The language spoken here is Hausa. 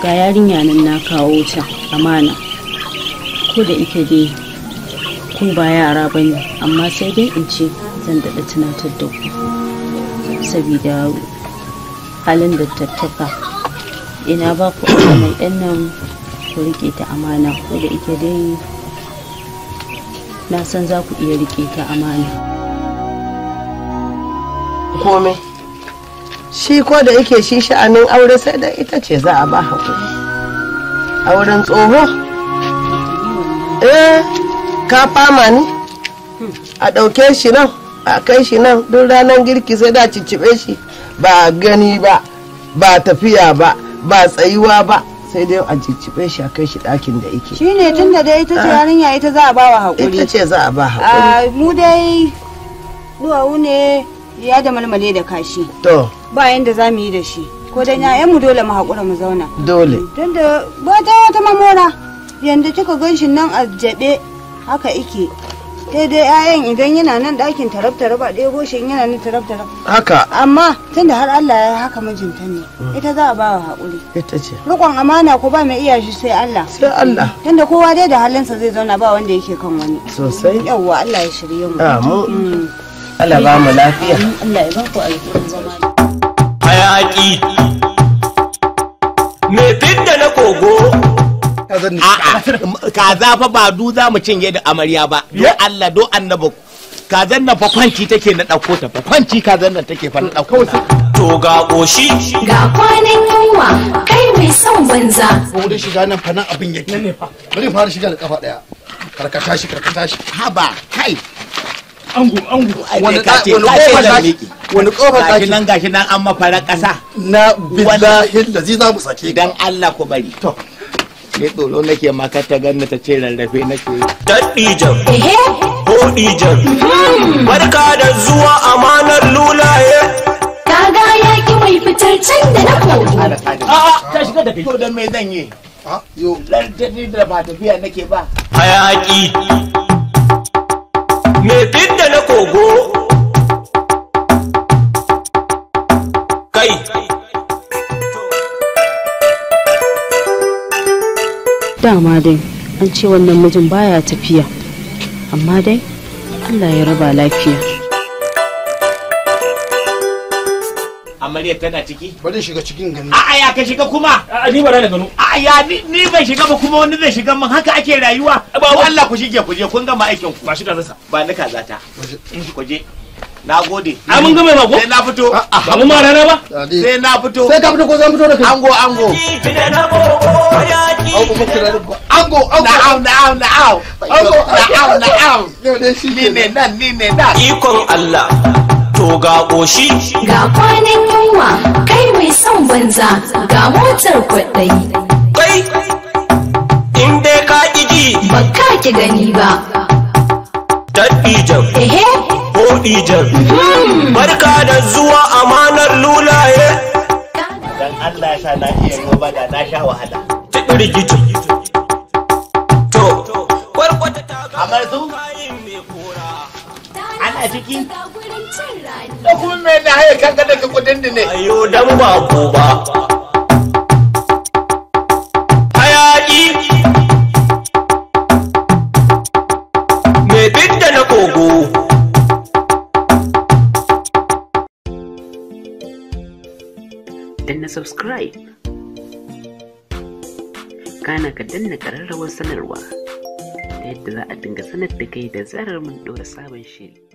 ga yarinya nan na kawo ta amana ko da ike dai ku ba yara ba ne amma sai dai in ce zan daɗa tunatar da ku saboda halin da tattaka ina ba ku mai ɗan nan ku riƙe ta amana ko da ike dai na san za ku iya riƙe ta amana shi ko da yake shi sha'anin aure sai da ita ce za a ba hakuri auren tsoho eh ka fama ne a ɗauke shi nan a kai shi nan duk ranar girki sai da ciccibe shi ba gani ba ba tafiya ba ba tsayuwa ba sai dai a ciccibe shi a kai shi ɗakin da yake shi ne tun da dai ita ce ah. yarinya ita za a ba wa haƙuri ita ce za a ba haƙuri ah, mu dai duwawu ne ya da malmale da kashi to ba yanda za mu yi da shi ko dan yayan mu dole mu haƙura mu zauna dole don da ba ta wata mamora yanda kika ganshi nan a jabe haka ike sai dai 'ya'yan idan yana nan ɗakin tarabtara ba ɗaya goshin yana nan tarabtara haka amma tunda har Allah ya haka mijinta ne mm. ita za a ba wa haƙuri ita ce rikon amana ko ba mai iya shi sai Allah sai Allah tunda kowa dai da halinsa zai zauna ba wanda yake kan wani sosai yawwa Allah ya shirye mu amin mm. Allah ba mu lafiya Allah ya ba ku alƙurin zama hayaki me fidda na kogo kaza fa ba du za mu cinye da amarya ba do Allah do annaba kazan nan fa kwanci take na ɗauko ta fa kwanci kazan nan take fa na ɗauko ta to ga ƙoshi ga kwanan yunwa kai mai son banza wurin shiga nan fa nan abin yake ne fa bari fara shiga da kafa daya karkata shi karkata shi haba kai angu angu wani kofar daki nan gashi nan an mafara kasa na billahi lazi za mu sake dan Allah ku bari to ne tsoro nake ka ta ganna ta ce rarrafe nake daddi jam ko ijan hmm. barka da zuwa amanar lulaye kaga yaki mai fitar can da na a a ta shiga da fito dan me zan yi ah, yo lantarki da ba tafiya nake ba hayaki me bidda ogo kai dama dai an ce wannan mijin baya tafiya amma dai allah ya raba lafiya amaryar tana ciki bari shiga cikin gani a'a ya ka shiga kuma a ni ba na gano a'a ya ni bai shiga ba kuma wani zai shiga man haka ake rayuwa ba Allah ku shige ku je kun gama aikin ku ba shi da zasa ba ni kaza ta ku je na gode a mun gama ba ko sai na fito ba mu ma rana ba sai na fito sai ka fito ko zan fito da kai ango ango ango ango na'am na'am na'am ango na'am na'am ni ne nan ni ne nan ikon Allah to ga ƙoshi. Ga kwanan yunwa kai mai son banza ga motar kwaɗayi. Kai in dai ka ji. Ba ka ki gani ba. Daɗi jam. Ehe. Ko jam. Hmm. Barka da zuwa amanar lulaye. Dan Allah ya sa na iya noma da na wahala. Tiɗi rigici. To, kwarkwata ta ga. Amarzu. a ciki da kuma mai na haya kanka daga kudin da ne ayo dan ba ko ba hayaki Me bidda na kogo danna subscribe kana ka danna ƙararrawar sanarwa ta yadda za a dinga sanar da kai da zarar mun ɗora sabon shiri